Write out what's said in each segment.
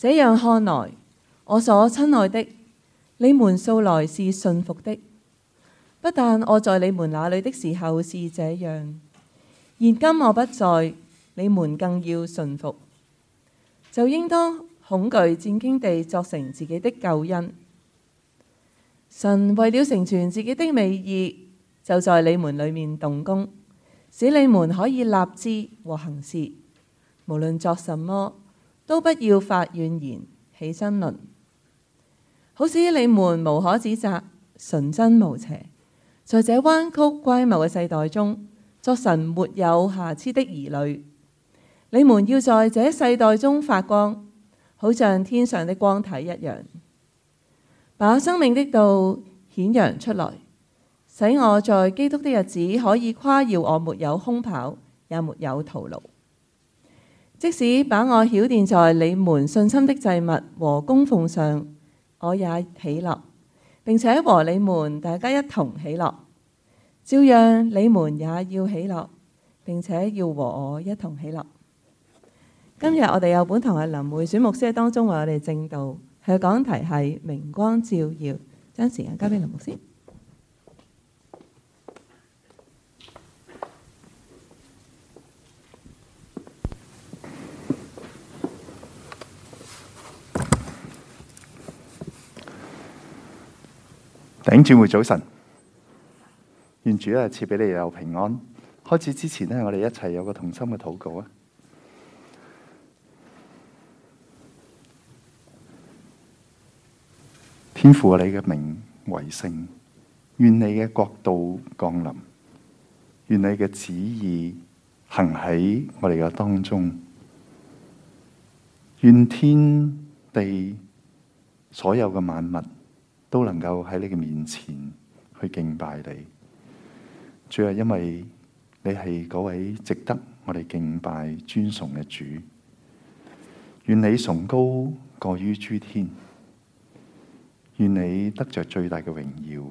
這樣看來，我所親愛的，你們素來是信服的。不但我在你們那裏的時候是這樣，現今我不在，你們更要信服。就應當恐懼戰兢地作成自己的救恩。神為了成全自己的美意，就在你們裡面動工，使你們可以立志和行事，無論作什麼。都不要發怨言起爭論，好使你們無可指責，純真無邪。在這彎曲乖謬嘅世代中，作神沒有瑕疵的兒女，你們要在這世代中發光，好像天上的光體一樣，把生命的道顯揚出來，使我在基督的日子可以誇耀，我沒有空跑，也沒有徒勞。即使把我曉奠在你們信心的祭物和供奉上，我也喜樂，並且和你們大家一同喜樂。照樣你們也要喜樂，並且要和我一同喜樂。嗯、今日我哋有本堂嘅林會選牧師喺當中為我哋證道，佢講題係明光照耀，將時間交俾林牧師。領主會早晨，願主咧賜俾你哋有平安。開始之前咧，我哋一齊有個同心嘅禱告啊！天父啊，你嘅名為聖，願你嘅國度降臨，願你嘅旨意行喺我哋嘅當中，願天地所有嘅萬物，都能夠喺你嘅面前去敬拜你，主要係因為你係嗰位值得我哋敬拜尊崇嘅主。願你崇高過於諸天，願你得着最大嘅榮耀。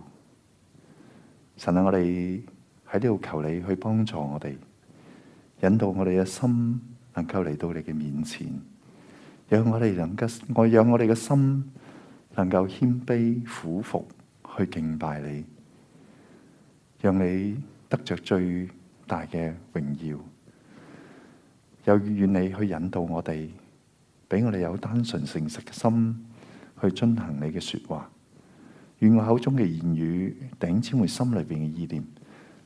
神啊，我哋喺呢度求你去幫助我哋，引導我哋嘅心能夠嚟到你嘅面前，讓我哋能夠我讓我哋嘅心。能夠謙卑俯伏去敬拜你，讓你得着最大嘅榮耀；又願你去引導我哋，俾我哋有單純誠實嘅心去遵行你嘅說話。願我口中嘅言語頂尖，會心裏邊嘅意念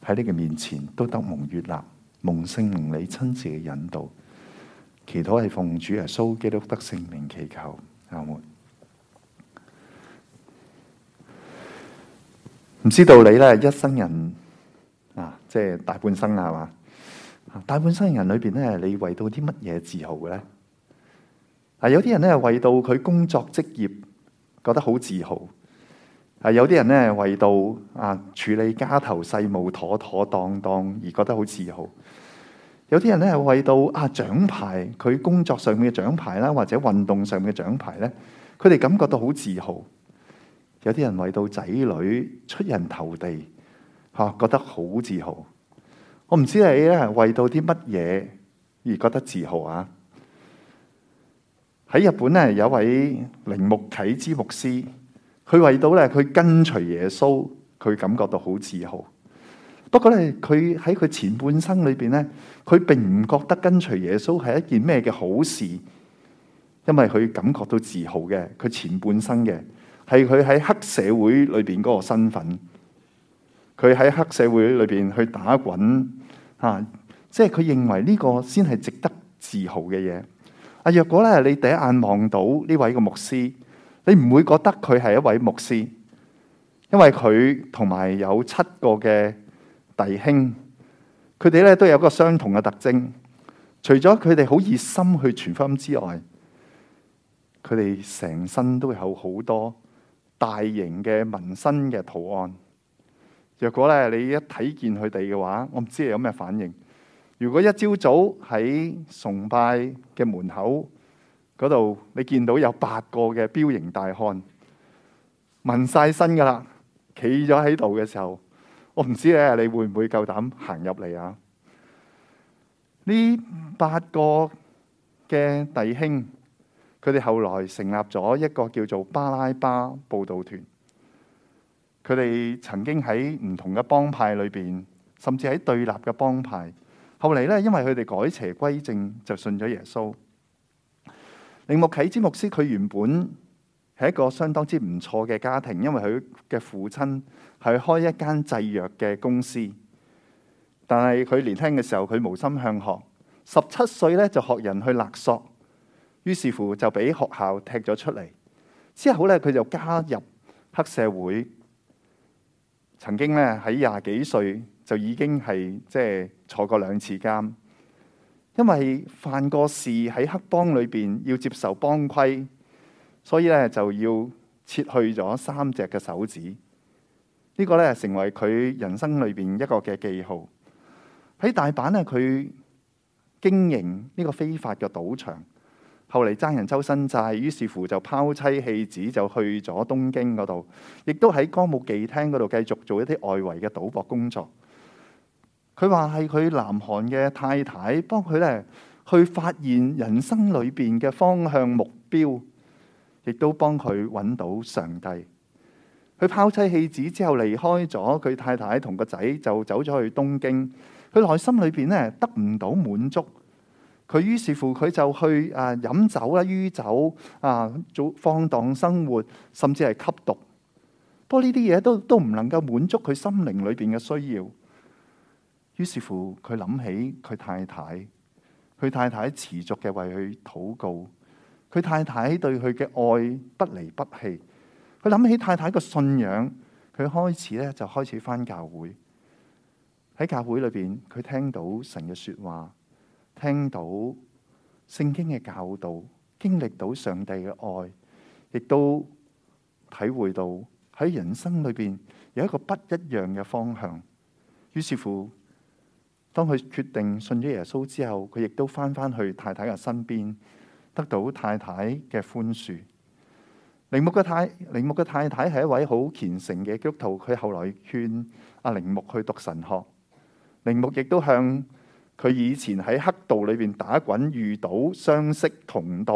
喺你嘅面前都得蒙悅納、蒙聖靈、你親自嘅引導。祈禱係奉主耶穌基督得聖靈祈求，阿門。唔知道你咧，一生人啊，即係大半生啊，係嘛？大半生人裏邊咧，你為到啲乜嘢自豪嘅咧？啊，有啲人咧為到佢工作職業，覺得好自豪；啊，有啲人咧為到啊處理家頭細務妥妥當當當而覺得好自豪；有啲人咧係為到啊獎牌，佢工作上面嘅獎牌啦，或者運動上面嘅獎牌咧，佢哋感覺到好自豪。有啲人為到仔女出人頭地，吓、啊、覺得好自豪。我唔知你咧為到啲乜嘢而覺得自豪啊？喺日本咧，有位鈴木啟之牧師，佢為到咧佢跟隨耶穌，佢感覺到好自豪。不過咧，佢喺佢前半生裏邊咧，佢並唔覺得跟隨耶穌係一件咩嘅好事，因為佢感覺到自豪嘅，佢前半生嘅。係佢喺黑社會裏邊嗰個身份，佢喺黑社會裏邊去打滾，吓、啊，即係佢認為呢個先係值得自豪嘅嘢。啊，若果咧，你第一眼望到呢位個牧師，你唔會覺得佢係一位牧師。因為佢同埋有七個嘅弟兄，佢哋咧都有一個相同嘅特徵，除咗佢哋好熱心去傳福音之外，佢哋成身都有好多。大型嘅紋身嘅圖案，若果咧你一睇見佢哋嘅話，我唔知你有咩反應。如果一朝早喺崇拜嘅門口嗰度，你見到有八個嘅彪形大漢，紋晒身㗎啦，企咗喺度嘅時候，我唔知咧你會唔會夠膽行入嚟啊？呢八個嘅弟兄。佢哋後來成立咗一個叫做巴拉巴報道團。佢哋曾經喺唔同嘅幫派裏邊，甚至喺對立嘅幫派。後嚟咧，因為佢哋改邪歸正，就信咗耶穌。鈴木啟之牧師，佢原本係一個相當之唔錯嘅家庭，因為佢嘅父親係開一間製藥嘅公司。但係佢年輕嘅時候，佢無心向學，十七歲咧就學人去勒索。於是乎就俾學校踢咗出嚟，之後咧佢就加入黑社會，曾經咧喺廿幾歲就已經係即係坐過兩次監，因為犯過事喺黑幫裏邊要接受幫規，所以咧就要切去咗三隻嘅手指。這個、呢個咧成為佢人生裏邊一個嘅記號。喺大阪咧佢經營呢個非法嘅賭場。後嚟爭人周身債，於是乎就拋妻棄子，就去咗東京嗰度，亦都喺歌舞伎町嗰度繼續做一啲外圍嘅賭博工作。佢話係佢南韓嘅太太幫佢咧去發現人生裏邊嘅方向目標，亦都幫佢揾到上帝。佢拋妻棄子之後離開咗，佢太太同個仔就走咗去東京。佢內心裏邊咧得唔到滿足。佢於是乎佢就去啊飲酒啦，酗酒啊做放蕩生活，甚至係吸毒。不過呢啲嘢都都唔能夠滿足佢心靈裏邊嘅需要。於是乎佢諗起佢太太，佢太太持續嘅為佢禱告，佢太太對佢嘅愛不離不棄。佢諗起太太個信仰，佢開始咧就開始返教會。喺教會裏邊，佢聽到神嘅説話。聽到聖經嘅教導，經歷到上帝嘅愛，亦都體會到喺人生裏邊有一個不一樣嘅方向。於是乎，當佢決定信咗耶穌之後，佢亦都翻返去太太嘅身邊，得到太太嘅寬恕。鈴木嘅太鈴木嘅太太係一位好虔誠嘅基督徒，佢後來勸阿鈴木去讀神學。鈴木亦都向。佢以前喺黑道裏邊打滾，遇到相識同道，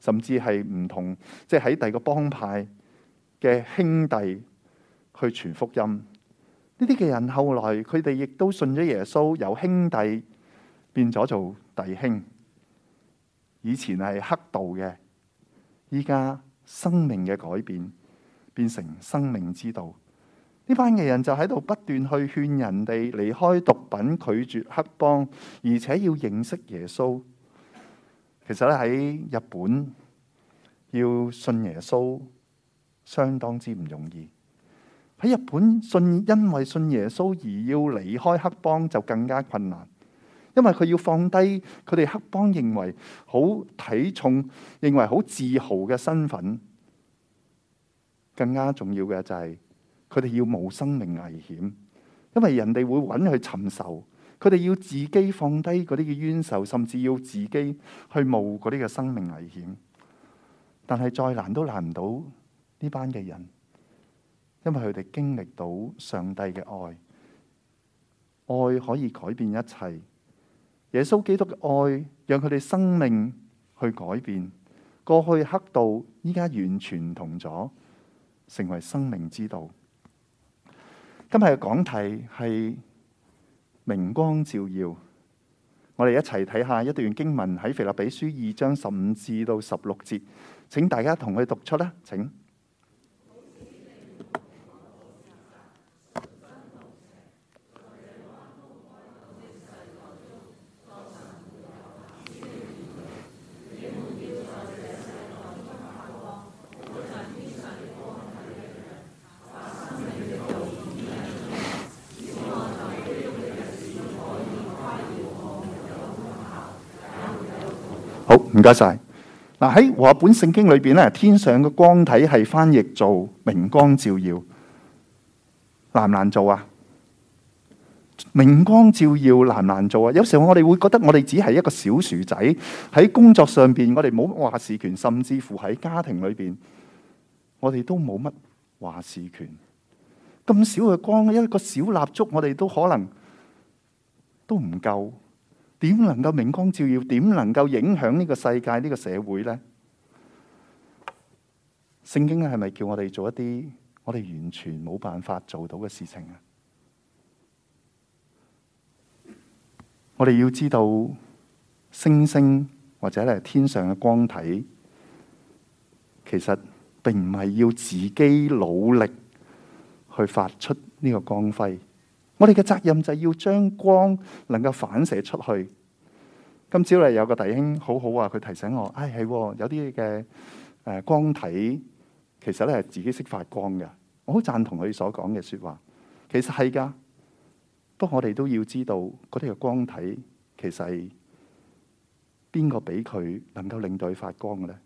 甚至係唔同，即係喺第二個幫派嘅兄弟去傳福音。呢啲嘅人後來佢哋亦都信咗耶穌，由兄弟變咗做弟兄。以前係黑道嘅，依家生命嘅改變，變成生命之道。呢班嘅人就喺度不斷去勸人哋離開毒品、拒絕黑幫，而且要認識耶穌。其實咧喺日本要信耶穌，相當之唔容易。喺日本信，因為信耶穌而要離開黑幫就更加困難，因為佢要放低佢哋黑幫認為好睇重、認為好自豪嘅身份。更加重要嘅就係、是。佢哋要冒生命危險，因為人哋會揾佢尋仇。佢哋要自己放低嗰啲嘅冤仇，甚至要自己去冒嗰啲嘅生命危險。但係再難都難唔到呢班嘅人，因為佢哋經歷到上帝嘅愛，愛可以改變一切。耶穌基督嘅愛讓佢哋生命去改變，過去黑道依家完全唔同咗，成為生命之道。今日嘅講題係「明光照耀」，我哋一齊睇下一段經文喺《腓立比書》二章十五至到十六節，請大家同佢讀出啦。請。多謝嗱，喺華本聖經裏邊咧，天上嘅光體係翻譯做明光照耀難唔難做啊？明光照耀難唔難做啊？有時候我哋會覺得我哋只係一個小薯仔，喺工作上邊，我哋冇話事權，甚至乎喺家庭裏邊，我哋都冇乜話事權。咁少嘅光，一個小蠟燭，我哋都可能都唔夠。點能夠明光照耀？點能夠影響呢個世界，呢個社會呢？聖經係咪叫我哋做一啲我哋完全冇辦法做到嘅事情啊？我哋要知道星星或者咧天上嘅光體，其實並唔係要自己努力去發出呢個光輝。我哋嘅責任就係要將光能夠反射出去。今朝咧有個弟兄好好啊，佢提醒我，唉，哎，係有啲嘅光體，其實咧係自己識發光嘅。我好贊同佢所講嘅說話，其實係噶。不過我哋都要知道，嗰啲嘅光體其實係邊個俾佢能夠令到佢發光嘅咧？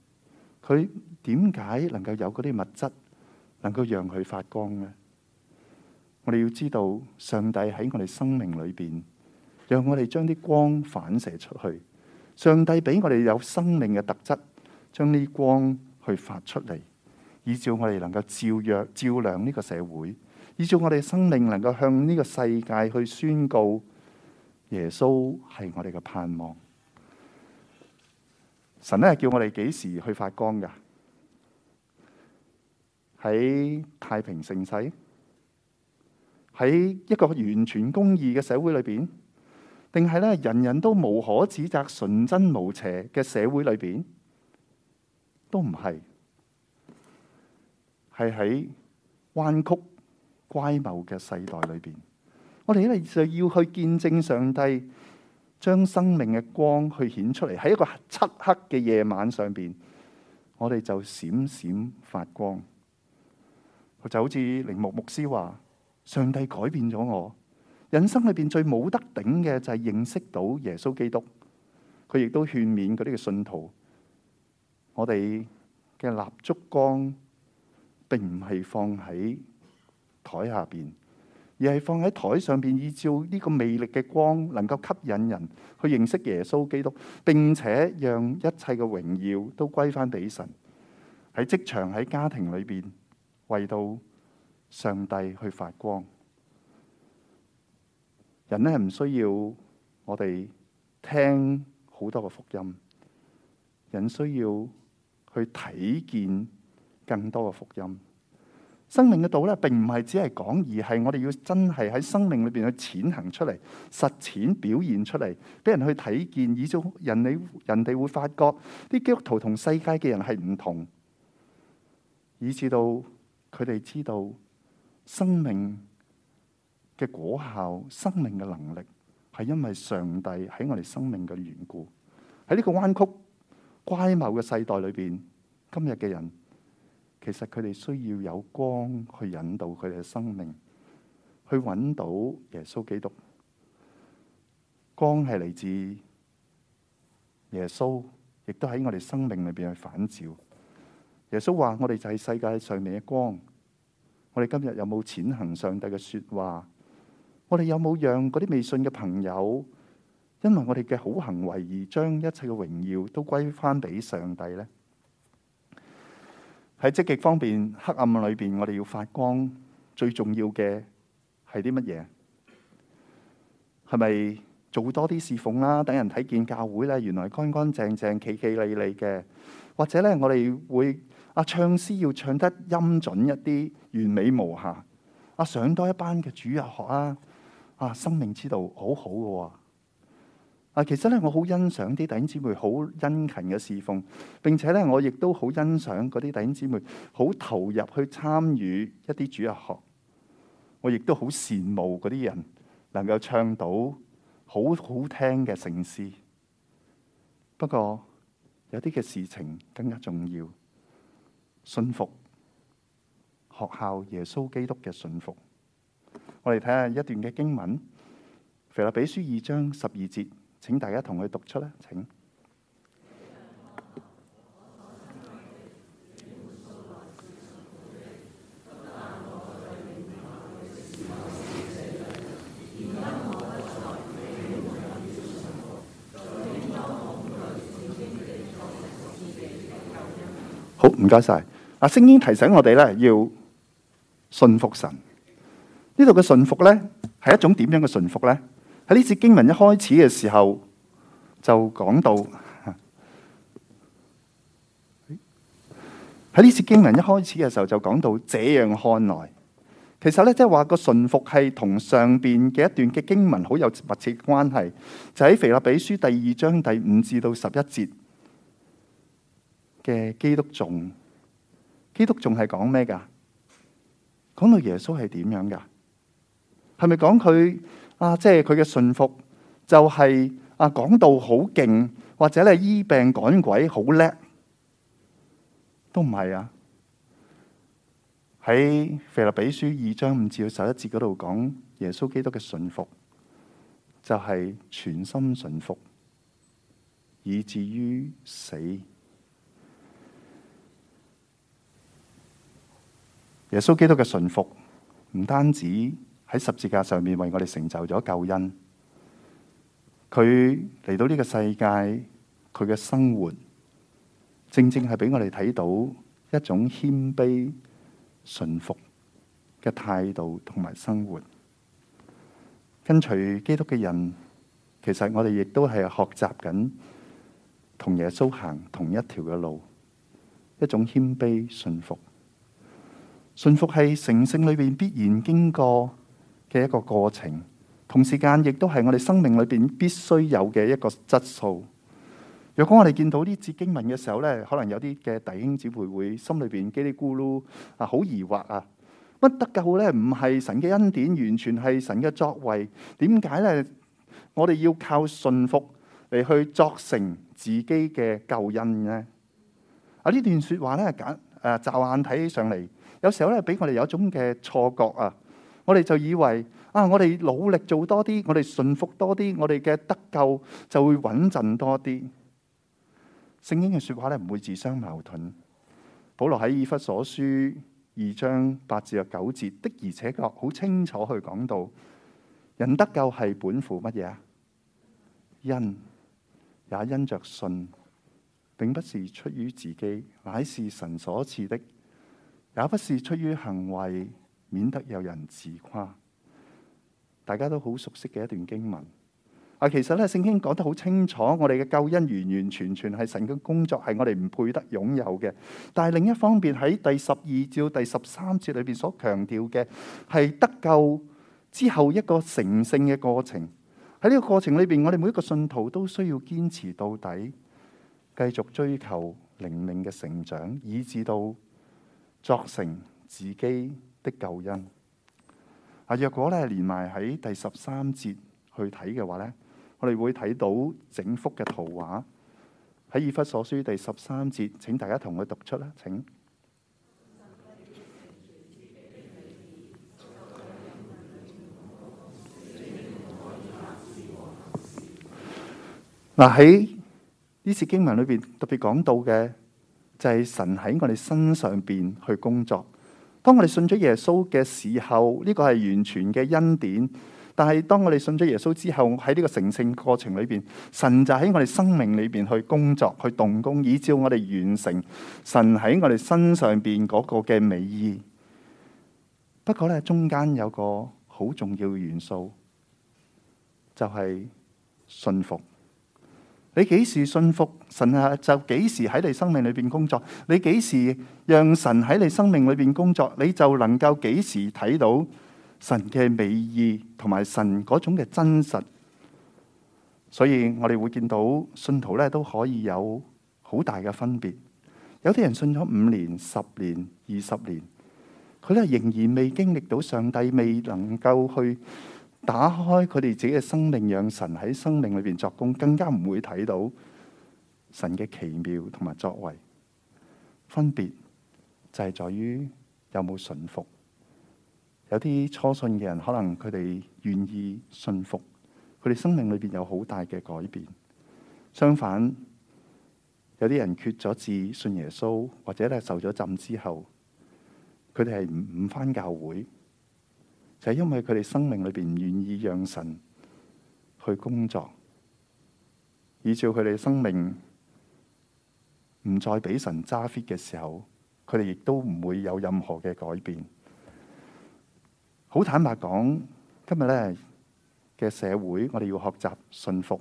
佢點解能夠有嗰啲物質能夠讓佢發光呢？我哋要知道上帝喺我哋生命裏邊。讓我哋將啲光反射出去。上帝俾我哋有生命嘅特質，將呢光去發出嚟，以照我哋能夠照約照亮呢個社會，以照我哋生命能夠向呢個世界去宣告耶穌係我哋嘅盼望。神咧係叫我哋幾時去發光噶？喺太平盛世，喺一個完全公義嘅社會裏邊。定係咧，人人都無可指責、純真無邪嘅社會裏邊，都唔係，係喺彎曲乖謬嘅世代裏邊，我哋咧就要去見證上帝將生命嘅光去顯出嚟，喺一個漆黑嘅夜晚上邊，我哋就閃閃發光，就好似鈴木牧師話：上帝改變咗我。人生裏邊最冇得頂嘅就係認識到耶穌基督，佢亦都勸勉嗰啲嘅信徒，我哋嘅蠟燭光並唔係放喺台下邊，而係放喺台上邊，依照呢個魅力嘅光，能夠吸引人去認識耶穌基督，並且讓一切嘅榮耀都歸返俾神，喺職場喺家庭裏邊爲到上帝去發光。人咧，唔需要我哋聽好多嘅福音，人需要去睇見更多嘅福音。生命嘅道咧，並唔係只係講，而係我哋要真係喺生命裏邊去踐行出嚟，實踐表現出嚟，俾人去睇見，以致人哋人哋會發覺啲基督徒同世界嘅人係唔同，以至到佢哋知道生命。嘅果效，生命嘅能力係，因為上帝喺我哋生命嘅緣故，喺呢個彎曲乖謬嘅世代裏邊，今日嘅人其實佢哋需要有光去引導佢哋嘅生命，去揾到耶穌基督。光係嚟自耶穌，亦都喺我哋生命裏邊去反照。耶穌話：我哋就係世界上面嘅光。我哋今日有冇踐行上帝嘅說話？我哋有冇讓嗰啲未信嘅朋友，因為我哋嘅好行為而將一切嘅榮耀都歸翻俾上帝呢？喺積極方面，黑暗裏邊，我哋要發光。最重要嘅係啲乜嘢？係咪做多啲侍奉啦，啊？等人睇見教會咧，原來乾乾淨淨、企企理理嘅。或者咧，我哋會啊，唱詩要唱得音準一啲，完美無瑕。啊，上多一班嘅主日學啊！啊！生命之道好好嘅喎，啊，其實咧，我好欣賞啲弟兄姊妹好殷勤嘅侍奉，並且咧，我亦都好欣賞嗰啲弟兄姊妹好投入去參與一啲主日學。我亦都好羨慕嗰啲人能夠唱到好好聽嘅聖詩。不過有啲嘅事情更加重要，信服學校耶穌基督嘅信服。我哋睇下一段嘅經文，《腓立比書》二章十二節，請大家同佢讀出啦，請。好，唔該晒。阿星英提醒我哋咧，要信服神。呢度嘅順服呢，係一種點樣嘅順服呢？喺呢次經文一開始嘅時候就講到，喺呢次經文一開始嘅時候就講到，這樣看來，其實呢，即係話個順服係同上邊嘅一段嘅經文好有密切關係。就喺、是、腓立比書第二章第五至到十一節嘅基督頌，基督頌係講咩噶？講到耶穌係點樣噶？係咪講佢啊？即係佢嘅順服就係、是、啊，講道好勁或者咧醫病趕鬼好叻，都唔係啊。喺腓立比書二章五至到十一節嗰度講耶穌基督嘅順服，就係全心順服，以至於死。耶穌基督嘅順服唔單止。喺十字架上面為我哋成就咗救恩。佢嚟到呢個世界，佢嘅生活正正係俾我哋睇到一種謙卑順服嘅態度同埋生活。跟隨基督嘅人，其實我哋亦都係學習緊同耶穌行同一條嘅路，一種謙卑順服。順服係成聖裏邊必然經過嘅一個過程，同時間亦都係我哋生命裏邊必須有嘅一個質素。若果我哋見到呢節經文嘅時候咧，可能有啲嘅弟兄姊妹會心裏邊嘰里咕嚕啊，好疑惑啊，乜得救咧？唔係神嘅恩典，完全係神嘅作為。點解咧？我哋要靠信服嚟去作成自己嘅救恩呢？啊！呢段說話咧，揀誒，乍、啊、乍眼睇起上嚟，有時候咧，俾我哋有一種嘅錯覺啊。我哋就以為啊，我哋努力做多啲，我哋順服多啲，我哋嘅得救就會穩陣多啲。聖經嘅說話呢，唔會自相矛盾。保羅喺以弗所書二章八至九節的而且確好清楚去講到，人得救係本乎乜嘢啊？因也因着信，並不是出於自己，乃是神所賜的，也不是出於行為。免得有人自誇，大家都好熟悉嘅一段經文。啊，其實咧，聖經講得好清楚，我哋嘅救恩完完全全係神嘅工作，係我哋唔配得擁有嘅。但係另一方面喺第十二至第十三節裏邊所強調嘅，係得救之後一個成聖嘅過程。喺呢個過程裏邊，我哋每一個信徒都需要堅持到底，繼續追求靈命嘅成長，以至到作成自己的救恩。若果咧連埋喺第十三節去睇嘅話咧，我哋會睇到整幅嘅圖畫喺以弗所書第十三節，請大家同佢讀出啦，請。嗱，喺呢次經文裏邊，特別講到嘅就係神喺我哋身上邊去工作。當我哋信咗耶穌嘅時候，呢個係完全嘅恩典。但係當我哋信咗耶穌之後，喺呢個成聖過程裏邊，神就喺我哋生命裏邊去工作、去動工，以照我哋完成神喺我哋身上邊嗰個嘅美意。不過呢，中間有個好重要元素，就係信服。你幾時信服神啊？就幾時喺你生命裏邊工作。你幾時讓神喺你生命裏邊工作，你就能夠幾時睇到神嘅美意同埋神嗰種嘅真實。所以我哋會見到信徒咧，都可以有好大嘅分別。有啲人信咗五年、十年、二十年，佢都仍然未經歷到上帝，未能夠去打開佢哋自己嘅生命，讓神喺生命裏邊作工，更加唔會睇到神嘅奇妙同埋作為。分別就係在於有冇順服。有啲初信嘅人，可能佢哋願意信服，佢哋生命裏邊有好大嘅改變。相反，有啲人決咗志，信耶穌或者係受咗浸之後，佢哋係唔返教會。就係因為佢哋生命裏邊唔願意讓神去工作，以致佢哋生命唔再俾神揸 fit 嘅時候，佢哋亦都唔會有任何嘅改變。好坦白講，今日呢嘅社會，我哋要學習信服，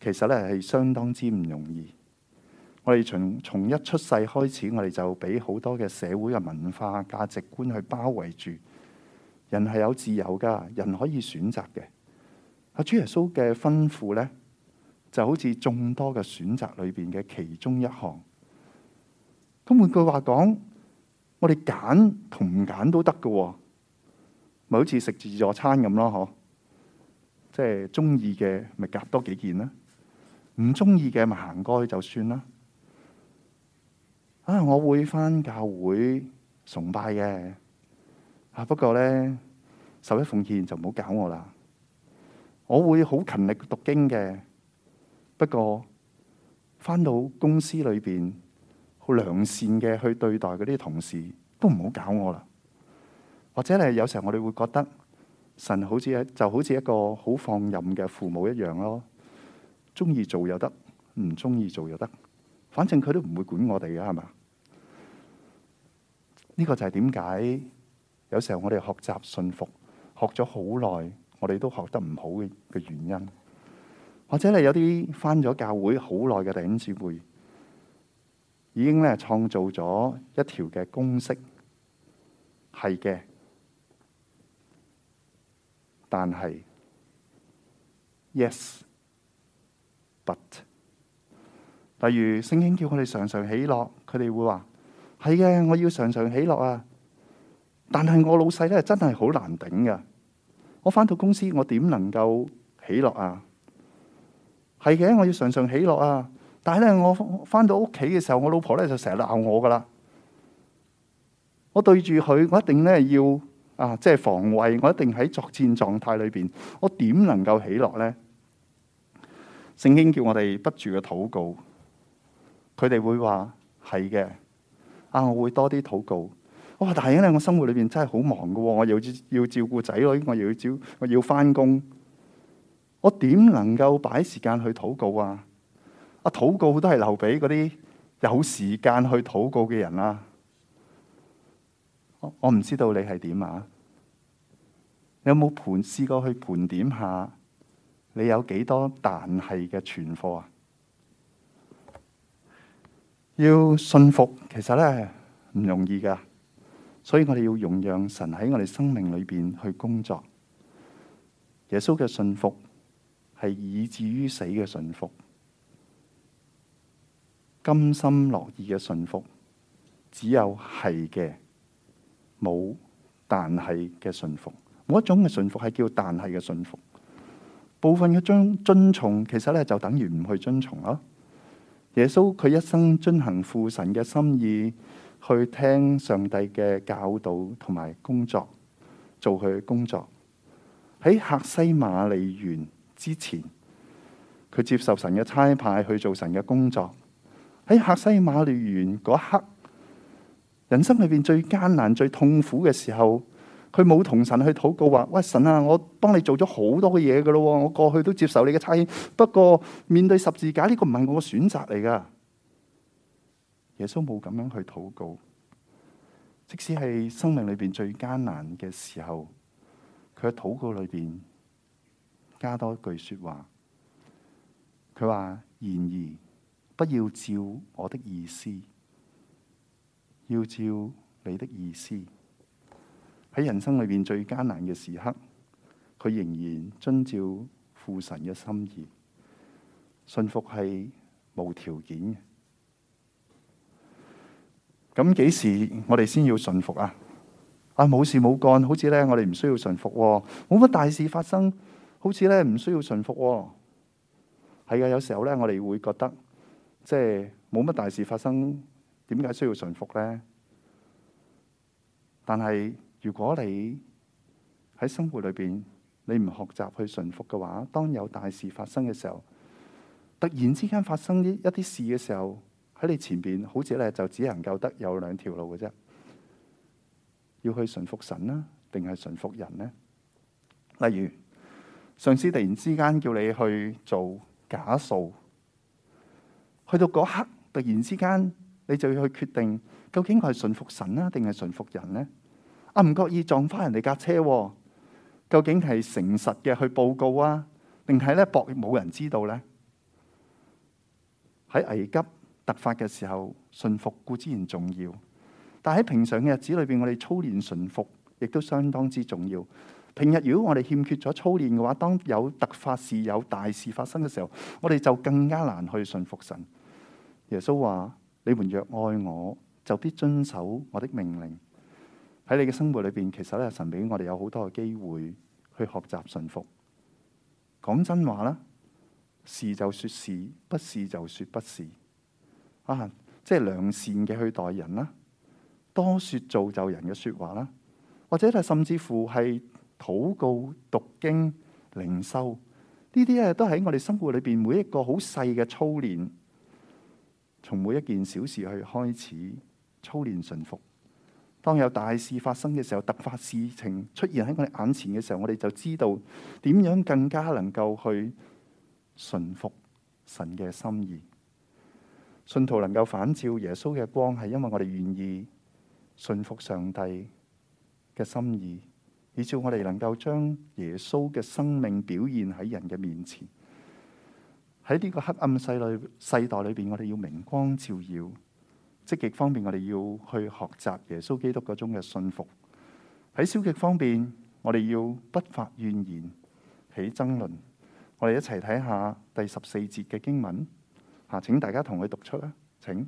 其實呢係相當之唔容易。我哋從從一出世開始，我哋就俾好多嘅社會嘅文化價值觀去包圍住。人係有自由噶，人可以選擇嘅。阿主耶穌嘅吩咐咧，就好似眾多嘅選擇裏邊嘅其中一項。咁換句話講，我哋揀同唔揀都得嘅，咪好似食自助餐咁咯，嗬、啊？即係中意嘅咪夾多幾件啦，唔中意嘅咪行過去就算啦。啊，我會翻教會崇拜嘅。啊！不過呢，受一奉獻就唔好搞我啦。我會好勤力讀經嘅。不過返到公司裏邊，好良善嘅去對待嗰啲同事，都唔好搞我啦。或者咧，有時候我哋會覺得神好似一就好似一個好放任嘅父母一樣咯，中意做又得，唔中意做又得，反正佢都唔會管我哋嘅，係嘛？呢個就係點解？有時候我哋學習信服，學咗好耐，我哋都學得唔好嘅原因，或者你有啲返咗教會好耐嘅領事會，已經咧創造咗一條嘅公式，係嘅，但係 yes but，例如聖經叫我哋常常喜樂，佢哋會話係嘅，我要常常喜樂啊。但係我老細咧真係好難頂噶，我翻到公司我點能夠喜樂啊？係嘅，我要常常喜樂啊！但係咧我翻到屋企嘅時候，我老婆咧就成日鬧我噶啦。我對住佢，我一定咧要啊，即係防衛，我一定喺作戰狀態裏邊，我點能夠喜樂咧？聖經叫我哋不住嘅禱告，佢哋會話係嘅，啊我會多啲禱告。我話但係咧，我生活裏邊真係好忙噶，我又要，要照顧仔女，我又要照，我要翻工，我點能夠擺時間去禱告啊？啊，禱告都係留俾嗰啲有時間去禱告嘅人啊！我唔知道你係點啊？你有冇盤試過去盤點下？你有幾多但係嘅存貨啊？要信服，其實咧唔容易噶。所以我哋要容讓神喺我哋生命裏邊去工作。耶穌嘅信服係以至於死嘅信服，甘心樂意嘅信，信服，只有係嘅，冇但係嘅信服。冇一種嘅信服係叫但係嘅信服。部分嘅遵、遵從其實咧就等於唔去遵從咯。耶穌佢一生遵行父神嘅心意。去聽上帝嘅教導同埋工作，做佢工作。喺赫西馬利園之前，佢接受神嘅差派去做神嘅工作。喺赫西馬利園嗰刻，人生裏邊最艱難、最痛苦嘅時候，佢冇同神去禱告，話：喂神啊，我幫你做咗好多嘢噶咯，我過去都接受你嘅差。不過面對十字架呢個唔係我嘅選擇嚟噶。耶穌冇咁樣去禱告，即使係生命裏邊最艱難嘅時候，佢喺禱告裏邊加多一句說話，佢話：然而不要照我的意思，要照你的意思。喺人生裏邊最艱難嘅時刻，佢仍然遵照父神嘅心意。信服係無條件嘅。咁幾時我哋先要順服啊？啊，冇事冇干，好似咧我哋唔需要順服啊，冇乜大事發生，好似咧唔需要順服啊。係啊，有時候咧我哋會覺得，即係冇乜大事發生，點解需要順服咧？但係如果你喺生活裏邊，你唔學習去順服嘅話，當有大事發生嘅時候，突然之間發生一一啲事嘅時候。喺你前邊，好似咧就只能夠得有兩條路嘅啫，要去順服神啦、啊，定係順服人呢？例如上司突然之間叫你去做假數，去到嗰刻突然之間，你就要去決定究竟佢係順服神啦、啊，定係順服人呢？啊唔覺意撞翻人哋架車、啊，究竟係誠實嘅去報告啊，定係咧博冇人知道呢？喺危急。突發嘅時候，順服固然重要，但喺平常嘅日子裏邊，我哋操練順服亦都相當之重要。平日如果我哋欠缺咗操練嘅話，當有突發事有大事發生嘅時候，我哋就更加難去順服神。耶穌話，你們若愛我，就必遵守我的命令。喺你嘅生活裏邊，其實咧神俾我哋有好多嘅機會去學習順服。講真話啦，是就說是，不是就說不是。啊！即係良善嘅去待人啦，多說造就人嘅說話啦，或者係甚至乎係禱告、讀經、靈修呢啲咧，都喺我哋生活裏邊每一個好細嘅操練，從每一件小事去開始操練順服。當有大事發生嘅時候，突發事情出現喺我哋眼前嘅時候，我哋就知道點樣更加能夠去順服神嘅心意。信徒能夠反照耶穌嘅光，係因為我哋願意信服上帝嘅心意，以致我哋能夠將耶穌嘅生命表現喺人嘅面前。喺呢個黑暗世裏世代裏邊，我哋要明光照耀。積極方面，我哋要去學習耶穌基督嗰種嘅信服。喺消極方面，我哋要不發怨言、起爭論。我哋一齊睇下第十四節嘅經文。啊！請大家同佢讀出啦。請，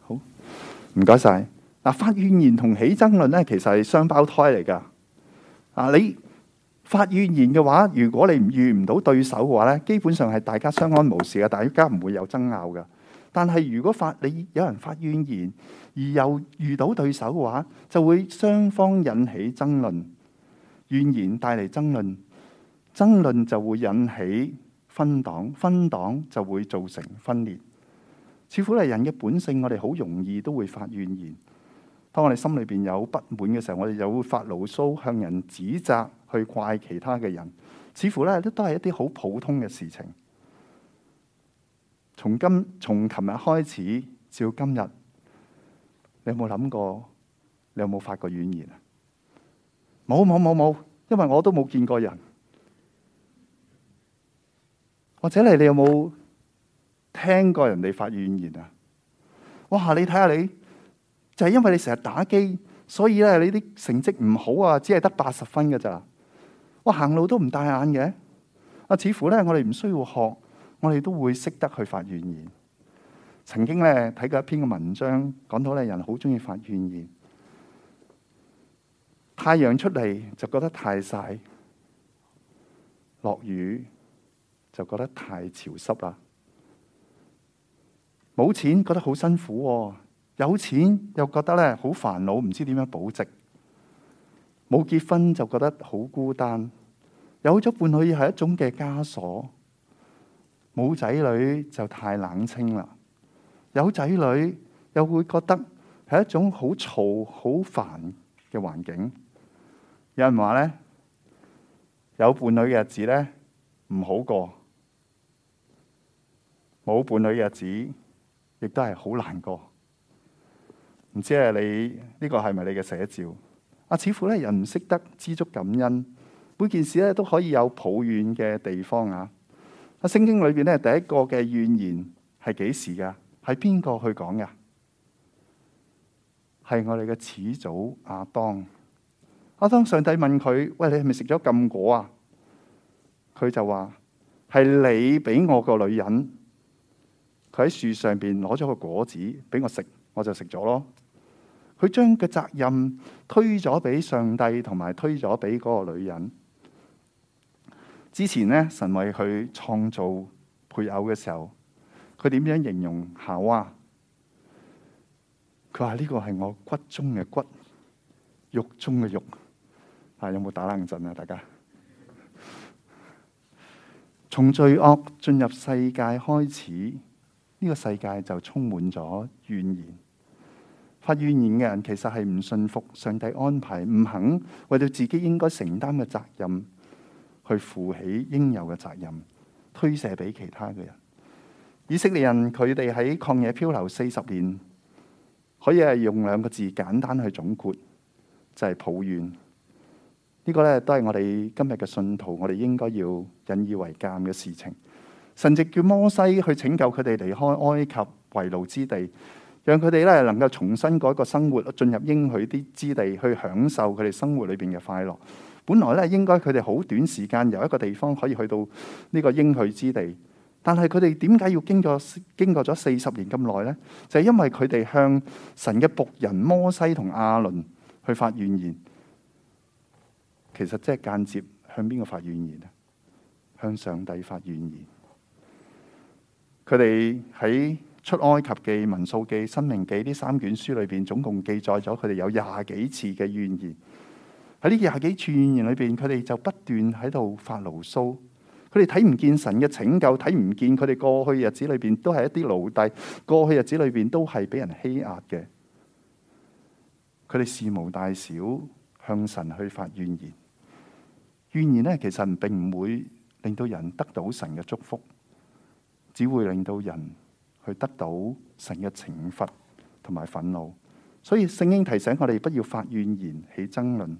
好，唔該晒。嗱，發怨言同起爭論咧，其實係雙胞胎嚟噶。啊，你發怨言嘅話，如果你遇唔到對手嘅話咧，基本上係大家相安無事嘅，大家唔會有爭拗㗎。但係如果發你有人發怨言，而又遇到對手嘅話，就會雙方引起爭論。怨言帶嚟爭論，爭論就會引起分黨，分黨就會造成分裂。似乎係人嘅本性，我哋好容易都會發怨言。當我哋心裏邊有不滿嘅時候，我哋就會發牢騷，向人指責，去怪其他嘅人。似乎咧，都都係一啲好普通嘅事情。從今從琴日開始至到今日，你有冇諗過？你有冇發過怨言？冇冇冇冇，因為我都冇見過人。或者你你有冇聽過人哋發怨言啊？哇！你睇下你，就係因為你成日打機，所以咧你啲成績唔好啊，只係得八十分㗎咋？哇！行路都唔帶眼嘅。啊，似乎咧我哋唔需要學，我哋都會識得去發怨言。曾經咧睇過一篇嘅文章，講到咧人好中意發怨言。太陽出嚟就覺得太晒，落雨就覺得太潮濕啦。冇錢覺得好辛苦喎，有錢又覺得咧好煩惱，唔知點樣保值。冇結婚就覺得好孤單，有咗伴侶係一種嘅枷鎖。冇仔女就太冷清啦，有仔女又會覺得係一種好嘈好煩嘅環境。有人話咧，有伴侶嘅日子咧唔好過，冇伴侶嘅日子亦都係好難過。唔知係你呢、呢個係咪你嘅寫照？阿、啊、似乎咧人唔識得知足感恩，每件事咧都可以有抱怨嘅地方啊！阿、啊、聖經裏邊咧第一個嘅怨言係幾時噶？係邊個去講噶？係我哋嘅始祖亞當。阿當上帝問佢，喂，你係咪食咗禁果啊？佢就話，係你俾我個女人，佢喺樹上邊攞咗個果子俾我食，我就食咗咯。佢將個責任推咗俾上帝，同埋推咗俾嗰個女人。之前咧，神為佢創造配偶嘅時候，佢點樣形容夏娃啊？佢話呢個係我骨中嘅骨，肉中嘅肉。大家有有啊，有冇打冷震啊？大家從罪惡進入世界開始，呢、這個世界就充滿咗怨言。發怨言嘅人其實係唔信服上帝安排，唔肯為到自己應該承擔嘅責任去負起應有嘅責任，推卸俾其他嘅人。以色列人佢哋喺曠野漂流四十年，可以係用兩個字簡單去總括，就係、是、抱怨。個呢個咧都係我哋今日嘅信徒，我哋應該要引以為鑑嘅事情。神直叫摩西去拯救佢哋離開埃及為奴之地，讓佢哋咧能夠重新改個生活，進入應許啲之地，去享受佢哋生活裏邊嘅快樂。本來咧應該佢哋好短時間由一個地方可以去到呢個應許之地，但係佢哋點解要經過經過咗四十年咁耐呢？就係因為佢哋向神嘅僕人摩西同亞倫去發怨言。其實即係間接向邊個發怨言咧？向上帝發怨言。佢哋喺出埃及記、民數記、申命記呢三卷書裏邊，總共記載咗佢哋有廿幾次嘅怨言。喺呢廿幾次怨言裏邊，佢哋就不斷喺度發牢騷。佢哋睇唔見神嘅拯救，睇唔見佢哋過去日子裏邊都係一啲奴隸，過去日子裏邊都係俾人欺壓嘅。佢哋事無大小，向神去發怨言。怨言呢，其實並唔會令到人得到神嘅祝福，只會令到人去得到神嘅懲罰同埋憤怒。所以聖經提醒我哋不要發怨言，起爭論。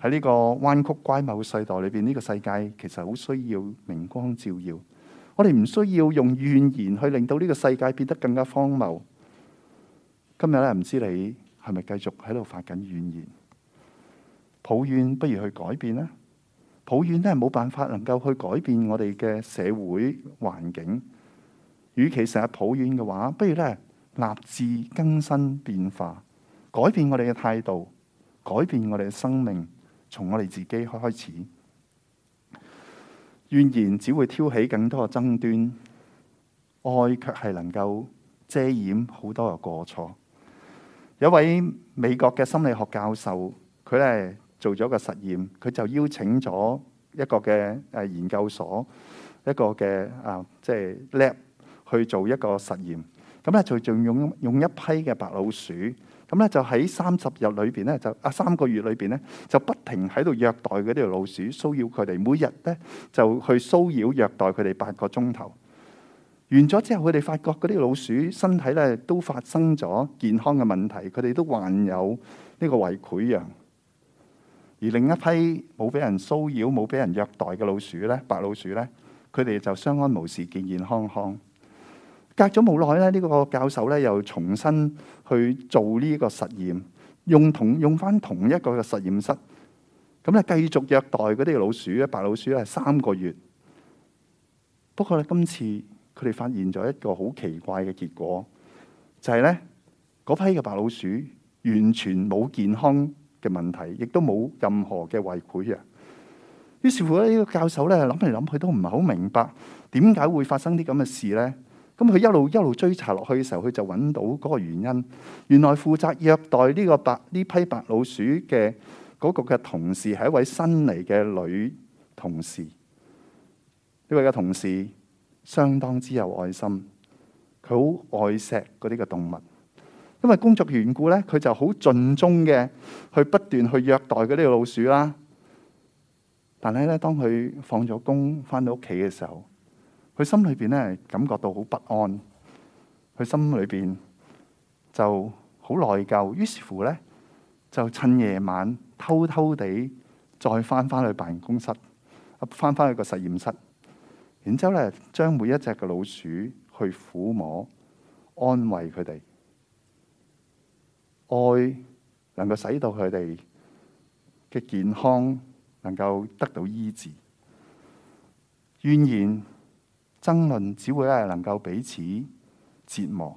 喺呢個彎曲乖謬嘅世代裏邊，呢個世界其實好需要明光照耀。我哋唔需要用怨言去令到呢個世界變得更加荒謬。今日呢，唔知你係咪繼續喺度發緊怨言？抱怨不如去改變啦。抱怨都係冇辦法能夠去改變我哋嘅社會環境。與其成日抱怨嘅話，不如咧立志更新變化，改變我哋嘅態度，改變我哋嘅生命，從我哋自己開始。怨言只會挑起更多嘅爭端，愛卻係能夠遮掩好多嘅過錯。有位美國嘅心理學教授，佢咧，做咗個實驗，佢就邀請咗一個嘅誒研究所，一個嘅啊，即係 lab 去做一個實驗。咁咧就仲用用一批嘅白老鼠，咁咧就喺三十日裏邊咧，就啊三個月裏邊咧，就不停喺度虐待嗰啲老鼠，騷擾佢哋，每日咧就去騷擾虐待佢哋八個鐘頭。完咗之後，佢哋發覺嗰啲老鼠身體咧都發生咗健康嘅問題，佢哋都患有呢個胃潰瘍。而另一批冇俾人騷擾，冇俾人虐待嘅老鼠咧，白老鼠咧，佢哋就相安無事，健健康康。隔咗冇耐咧，呢個教授咧又重新去做呢個實驗，用同用翻同一個嘅實驗室，咁咧繼續虐待嗰啲老鼠咧，白老鼠咧三個月。不過咧，今次佢哋發現咗一個好奇怪嘅結果，就係咧嗰批嘅白老鼠完全冇健康嘅問題，亦都冇任何嘅違規啊！於是乎呢，呢個教授呢，諗嚟諗去都唔係好明白，點解會發生啲咁嘅事呢？咁佢一路一路追查落去嘅時候，佢就搵到嗰個原因。原來負責虐待呢個白呢批白老鼠嘅嗰個嘅同事係一位新嚟嘅女同事。呢位嘅同事相當之有愛心，佢好愛錫嗰啲嘅動物。因為工作緣故咧，佢就好盡忠嘅，去不斷去虐待嗰啲老鼠啦。但係咧，當佢放咗工翻到屋企嘅時候，佢心裏邊咧感覺到好不安，佢心裏邊就好內疚。於是乎咧，就趁夜晚偷偷地再翻翻去辦公室，翻翻去個實驗室，然之後咧，將每一隻嘅老鼠去撫摸、安慰佢哋。愛能夠使到佢哋嘅健康能夠得到醫治，怨言爭論只會係能夠彼此折磨，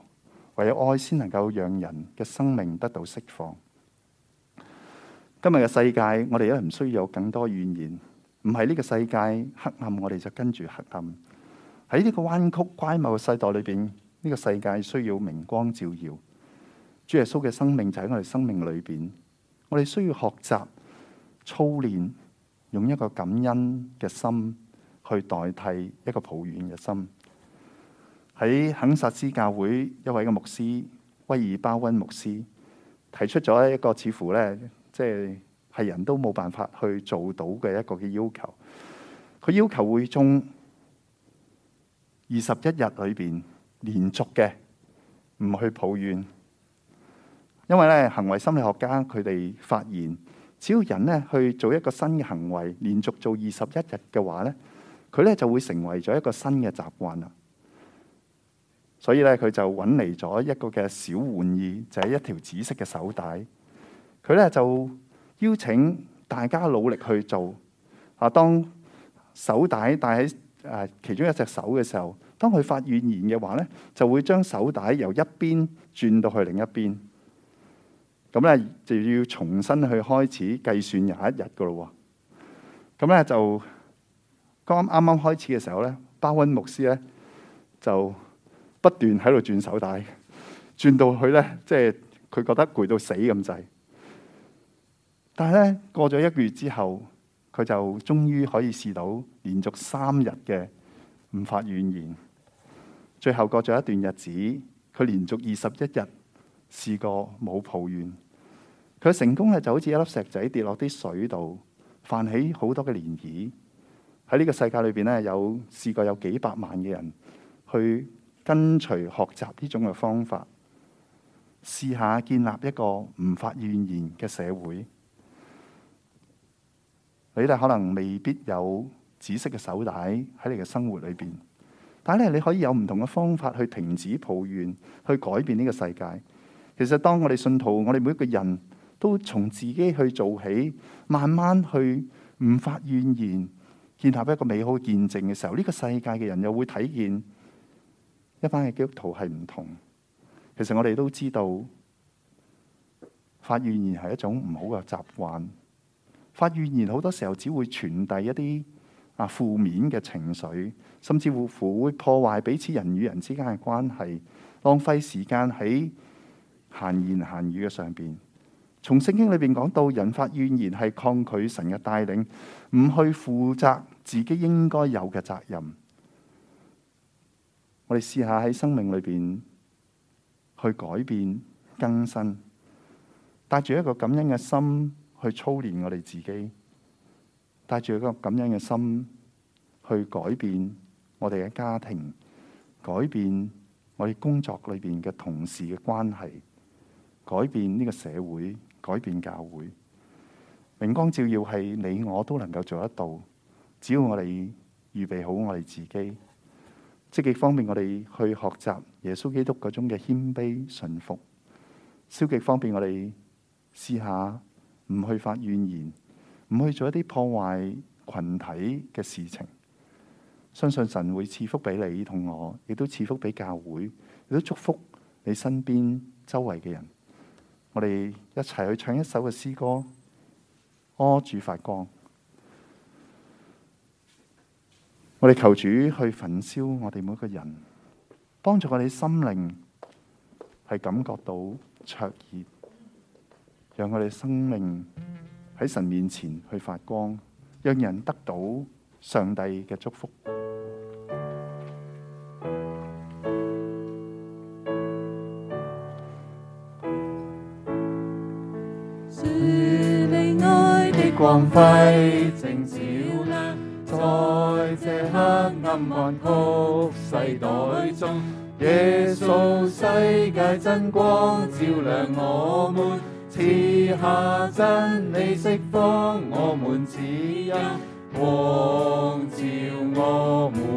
唯有愛先能夠讓人嘅生命得到釋放。今日嘅世界，我哋一唔需要有更多怨言，唔係呢個世界黑暗，我哋就跟住黑暗。喺呢個彎曲乖謬嘅世代裏邊，呢個世界需要明光照耀。主耶穌嘅生命就喺我哋生命裏邊，我哋需要學習操練，用一個感恩嘅心去代替一個抱怨嘅心。喺肯薩斯教會一位嘅牧師威爾巴溫牧師提出咗一個似乎咧，即係係人都冇辦法去做到嘅一個嘅要求。佢要求會眾二十一日裏邊連續嘅唔去抱怨。因為咧，行為心理學家佢哋發現，只要人咧去做一個新嘅行為，連續做二十一日嘅話咧，佢咧就會成為咗一個新嘅習慣啦。所以咧，佢就搵嚟咗一個嘅小玩意，就係一條紫色嘅手帶。佢咧就邀請大家努力去做啊。當手帶戴喺誒其中一隻手嘅時候，當佢發怨言嘅話咧，就會將手帶由一邊轉到去另一邊。咁咧就要重新去開始計算廿一日噶咯喎，咁咧就剛啱啱開始嘅時候咧，巴溫牧師咧就不斷喺度轉手帶，轉到去咧，即係佢覺得攰到死咁滯。但係咧過咗一個月之後，佢就終於可以試到連續三日嘅唔發怨言，言。最後過咗一段日子，佢連續二十一日試過冇抱怨。佢成功咧就好似一粒石仔跌落啲水度，泛起好多嘅漣漪。喺呢個世界裏邊咧，有試過有幾百萬嘅人去跟隨學習呢種嘅方法，試下建立一個唔發怨言嘅社會。你哋可能未必有紫色嘅手帶喺你嘅生活裏邊，但係你可以有唔同嘅方法去停止抱怨，去改變呢個世界。其實當我哋信徒，我哋每一個人。都從自己去做起，慢慢去唔發怨言，建立一個美好見證嘅時候，呢個世界嘅人又會睇見一班嘅基督徒係唔同。其實我哋都知道，發怨言係一種唔好嘅習慣。發怨言好多時候只會傳遞一啲啊負面嘅情緒，甚至乎會破壞彼此人與人之間嘅關係，浪費時間喺閒言閒語嘅上邊。從聖經裏邊講到人發怨言係抗拒神嘅帶領，唔去負責自己應該有嘅責任。我哋試下喺生命裏邊去改變更新，帶住一個感恩嘅心去操練我哋自己，帶住一個感恩嘅心去改變我哋嘅家庭，改變我哋工作裏邊嘅同事嘅關係，改變呢個社會。改變教會，明光照耀係你我都能夠做得到，只要我哋預備好我哋自己，積極方面我哋去學習耶穌基督嗰種嘅謙卑順服；消極方面我哋試下唔去發怨言，唔去做一啲破壞群體嘅事情。相信神會賜福俾你同我，亦都賜福俾教會，亦都祝福你身邊周圍嘅人。我哋一齊去唱一首嘅詩歌，阿、哦、主發光。我哋求主去焚燒我哋每一個人，幫助我哋心靈係感覺到灼熱，讓我哋生命喺神面前去發光，讓人得到上帝嘅祝福。光輝正照亮，在這黑暗彎曲世代中，耶穌世界真光照亮我們，賜下真理釋放我們，只因光照我們。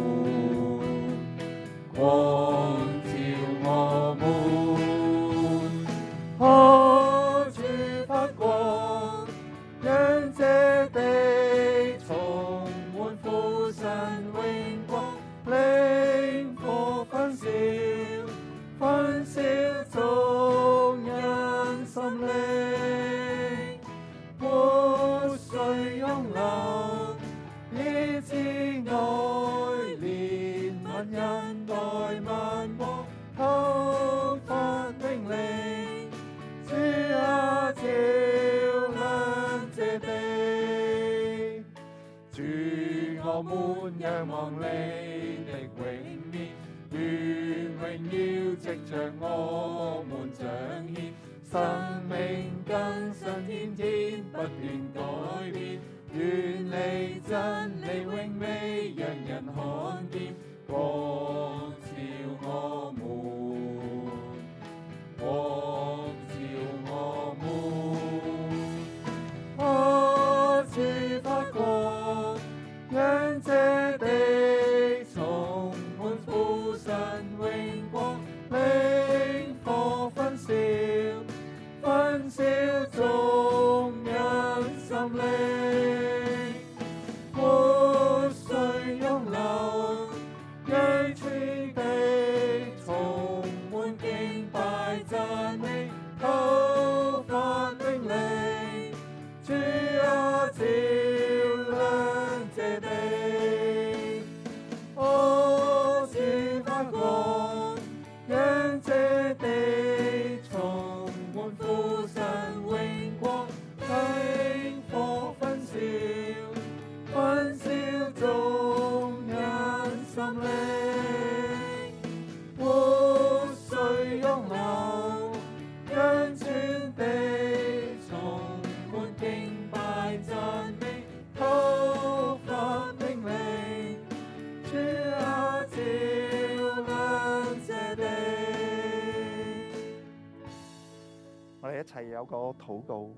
有個禱告，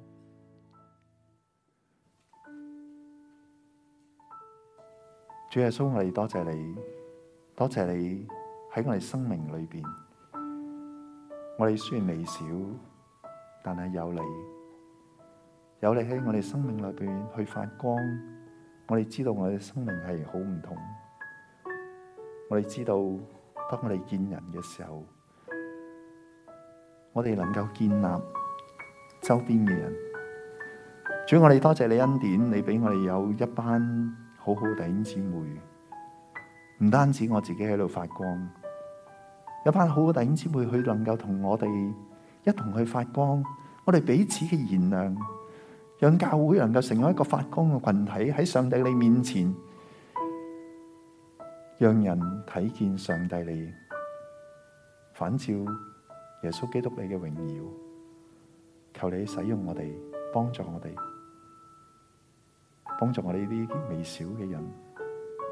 主耶穌，我哋多謝你，多謝你喺我哋生命裏邊。我哋雖然微小，但係有你，有你喺我哋生命裏邊去發光。我哋知道我哋生命係好唔同。我哋知道，當我哋見人嘅時候，我哋能夠建立。周邊嘅人，主，我哋多謝你恩典，你俾我哋有一班好好弟兄姊妹，唔單止我自己喺度發光，有班好好弟兄姊妹佢能夠同我哋一同去發光，我哋彼此嘅燃亮，讓教會能夠成為一個發光嘅群體，喺上帝你面前，讓人睇見上帝你，反照耶穌基督你嘅榮耀。求你使用我哋，幫助我哋，幫助我哋呢啲微小嘅人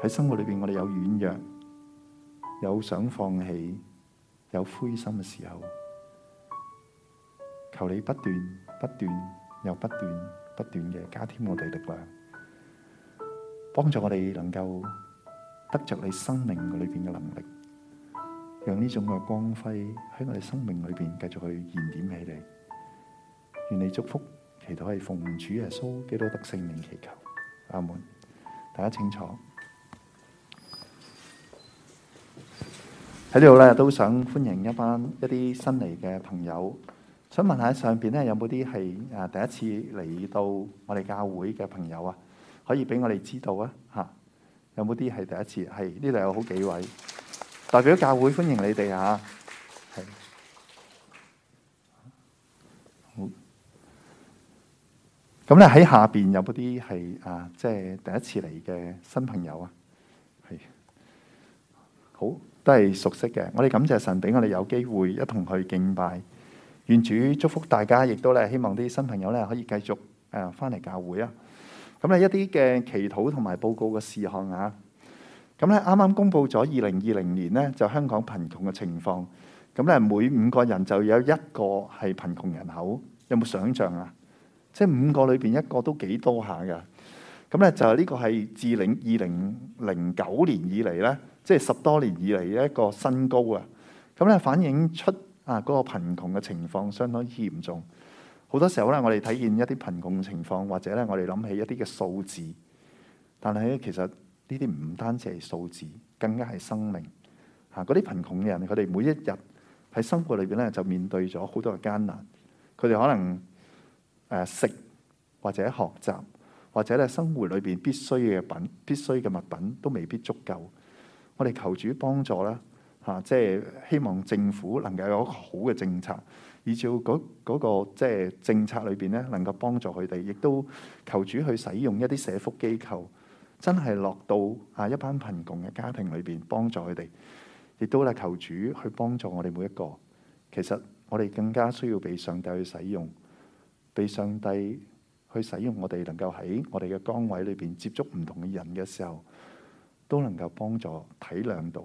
喺生活裏邊。我哋有軟弱，有想放棄，有灰心嘅時候，求你不斷、不斷、又不斷、不斷嘅加添我哋力量，幫助我哋能夠得着你生命裏邊嘅能力，讓呢種嘅光輝喺我哋生命裏邊繼續去燃點起嚟。願你祝福，祈禱係奉主耶穌，基督得聖名祈求，阿門。大家請坐。喺呢度咧，都想歡迎一班一啲新嚟嘅朋友。想問下上邊咧，有冇啲係誒第一次嚟到我哋教會嘅朋友啊？可以俾我哋知道啊！吓，有冇啲係第一次？係呢度有好幾位代表教會歡迎你哋啊！咁咧喺下邊有嗰啲係啊，即係第一次嚟嘅新朋友啊，係好都係熟悉嘅。我哋感謝神俾我哋有機會一同去敬拜，願主祝福大家，亦都咧希望啲新朋友咧可以繼續誒翻嚟教會啊。咁咧一啲嘅祈禱同埋報告嘅事項啊。咁咧啱啱公布咗二零二零年咧就香港貧窮嘅情況，咁咧每五個人就有一個係貧窮人口，有冇想象啊？即係五個裏邊一個都幾多下嘅，咁咧就係呢個係自零二零零九年以嚟咧，即係十多年以嚟一個新高啊！咁咧反映出啊嗰個貧窮嘅情況相當嚴重，好多時候咧我哋體現一啲貧窮嘅情況，或者咧我哋諗起一啲嘅數字，但係其實呢啲唔單止係數字，更加係生命嚇。嗰啲貧窮嘅人，佢哋每一日喺生活裏邊咧就面對咗好多嘅艱難，佢哋可能。誒、啊，食或者學習或者咧生活裏邊必須嘅品、必須嘅物品都未必足夠，我哋求主幫助啦，吓、啊，即係希望政府能夠有一個好嘅政策，依照嗰、嗰、嗰個、嗰個、即係政策裏邊咧，能夠幫助佢哋，亦都求主去使用一啲社福機構，真係落到啊一班貧窮嘅家庭裏邊幫助佢哋，亦都咧求主去幫助我哋每一個。其實我哋更加需要俾上帝去使用。被上帝去使用我，我哋能夠喺我哋嘅崗位裏邊接觸唔同嘅人嘅時候，都能夠幫助體諒到，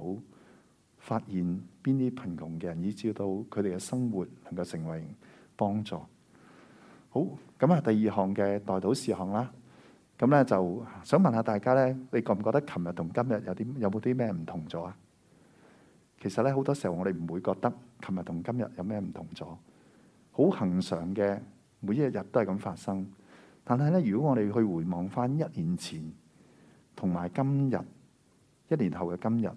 發現邊啲貧窮嘅人，以致到佢哋嘅生活能夠成為幫助。好咁啊，第二項嘅代禱事項啦。咁咧就想問下大家咧，你覺唔覺得琴日同今日有啲有冇啲咩唔同咗啊？其實咧好多時候，我哋唔會覺得琴日同今日有咩唔同咗，好恒常嘅。每一日都係咁發生，但係咧，如果我哋去回望翻一年前，同埋今日，一年後嘅今日，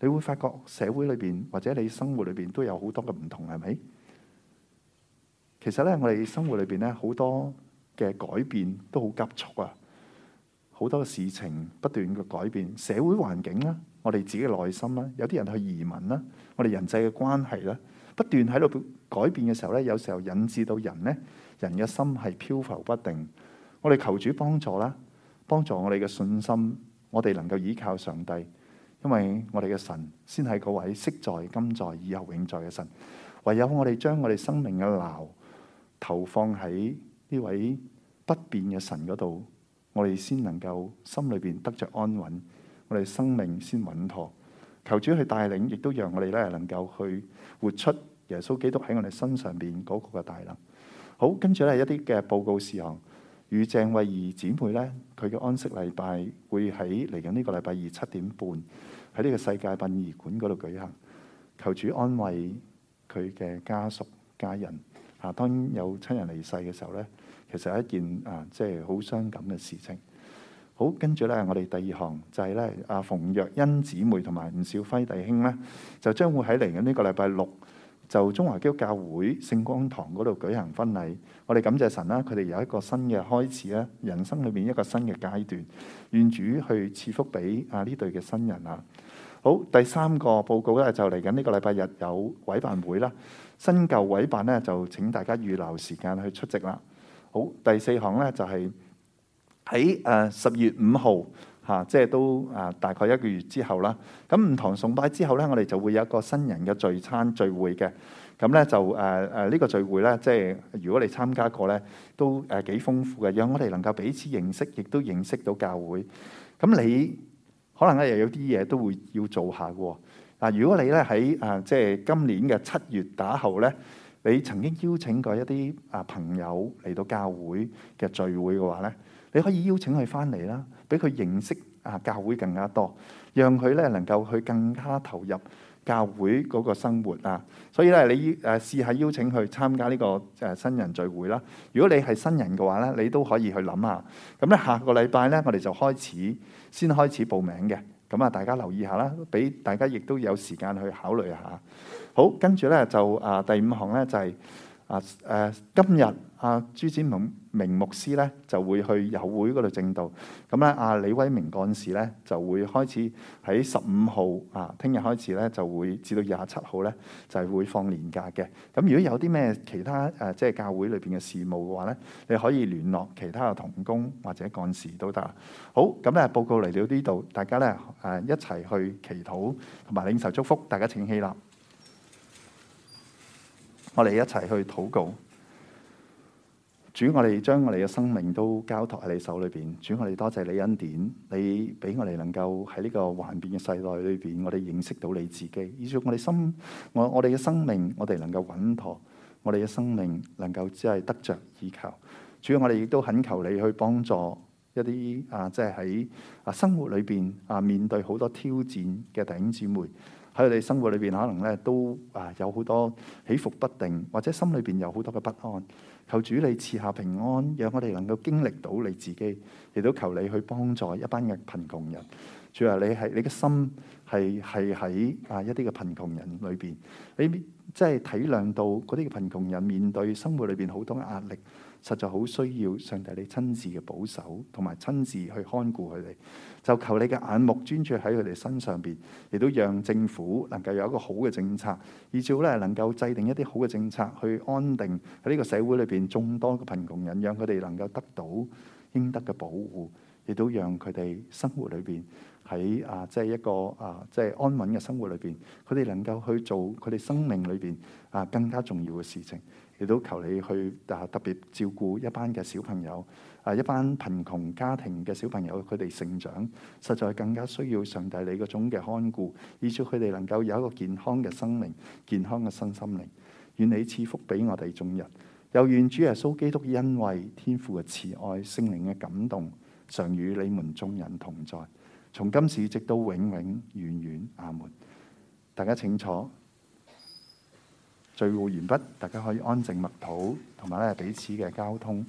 你會發覺社會裏邊或者你生活裏邊都有好多嘅唔同，係咪？其實咧，我哋生活裏邊咧好多嘅改變都好急促啊！好多事情不斷嘅改變，社會環境啦、啊，我哋自己嘅內心啦、啊，有啲人去移民啦、啊，我哋人際嘅關係啦、啊。不斷喺度改變嘅時候咧，有時候引致到人咧，人嘅心係漂浮不定。我哋求主幫助啦，幫助我哋嘅信心，我哋能夠倚靠上帝，因為我哋嘅神先係嗰位昔在、今在、以後永在嘅神。唯有我哋將我哋生命嘅錨投放喺呢位不變嘅神嗰度，我哋先能夠心裏邊得着安穩，我哋生命先穩妥。求主去帶領，亦都讓我哋咧能夠去活出。耶穌基督喺我哋身上邊嗰個嘅大能好，跟住咧一啲嘅報告事項，與鄭慧儀姊妹咧，佢嘅安息禮拜會喺嚟緊呢個禮拜二七點半喺呢個世界殯儀館嗰度舉行。求主安慰佢嘅家屬家人吓、啊，當有親人離世嘅時候咧，其實係一件啊，即係好傷感嘅事情。好，跟住咧，我哋第二項就係、是、咧，阿馮若欣姊妹同埋吳小輝弟兄咧，就將會喺嚟緊呢個禮拜六。就中華基督教會聖光堂嗰度舉行婚禮，我哋感謝神啦、啊，佢哋有一個新嘅開始啦，人生裏面一個新嘅階段，願主去賜福俾啊呢對嘅新人啊。好，第三個報告咧就嚟緊呢個禮拜日有委辦會啦，新舊委辦咧就請大家預留時間去出席啦。好，第四項咧就係喺誒十月五號。吓、啊，即係都啊，大概一個月之後啦。咁唔同崇拜之後咧，我哋就會有一個新人嘅聚餐聚會嘅。咁咧就誒誒呢個聚會咧，即係如果你參加過咧，都誒幾、啊、豐富嘅，讓我哋能夠彼此認識，亦都認識到教會。咁你可能咧又有啲嘢都會要做下嘅。嗱、啊，如果你咧喺啊即係今年嘅七月打後咧，你曾經邀請過一啲啊朋友嚟到教會嘅聚會嘅話咧，你可以邀請佢翻嚟啦。俾佢認識啊，教會更加多，讓佢咧能夠去更加投入教會嗰個生活啊。所以咧，你誒試下邀請佢參加呢個誒新人聚會啦。如果你係新人嘅話咧，你都可以去諗下。咁咧，下個禮拜咧，我哋就開始先開始報名嘅。咁啊，大家留意下啦，俾大家亦都有時間去考慮下。好，跟住咧就啊，第五項咧就係、是、啊誒、啊，今日啊朱子猛明牧師咧就會去友會嗰度證道，咁咧阿李威明幹事咧就會開始喺十五號啊，聽日開始咧就會至到廿七號咧就係會放年假嘅。咁、嗯、如果有啲咩其他誒、呃、即係教會裏邊嘅事務嘅話咧，你可以聯絡其他嘅同工或者幹事都得。好，咁、嗯、咧報告嚟到呢度，大家咧誒、呃、一齊去祈禱同埋領受祝福，大家請起立，我哋一齊去禱告。主，我哋將我哋嘅生命都交託喺你手裏邊。主，我哋多謝你恩典，你俾我哋能夠喺呢個幻變嘅世代裏邊，我哋認識到你自己。以至我哋心我我哋嘅生命，我哋能夠穩妥，我哋嘅生命能夠即係得着以求，主，我哋亦都懇求你去幫助一啲啊，即係喺啊生活裏邊啊面對好多挑戰嘅弟兄姊妹。喺我哋生活裏邊，可能咧都啊有好多起伏不定，或者心裏邊有好多嘅不安。求主你賜下平安，讓我哋能夠經歷到你自己，亦都求你去幫助一班嘅貧窮人。主要你係你嘅心係係喺啊一啲嘅貧窮人裏邊，你即係體諒到嗰啲貧窮人面對生活裏邊好多嘅壓力。實在好需要上帝你親自嘅保守，同埋親自去看顧佢哋。就求你嘅眼目專注喺佢哋身上邊，亦都讓政府能夠有一個好嘅政策，以至乎咧能夠制定一啲好嘅政策去安定喺呢個社會裏邊眾多嘅貧窮人，讓佢哋能夠得到應得嘅保護，亦都讓佢哋生活裏邊喺啊，即係一個啊，即係安穩嘅生活裏邊，佢哋能夠去做佢哋生命裏邊啊更加重要嘅事情。亦都求你去啊，特別照顧一班嘅小朋友，啊一班貧窮家庭嘅小朋友，佢哋成長實在更加需要上帝你嗰種嘅看顧，以至佢哋能夠有一個健康嘅生命、健康嘅新心靈。願你賜福俾我哋眾人，又願主耶穌基督恩惠、天父嘅慈愛、聖靈嘅感動，常與你們眾人同在，從今時直到永永遠遠。阿門！大家請坐。聚會完畢，大家可以安靜默禱，同埋咧彼此嘅交通。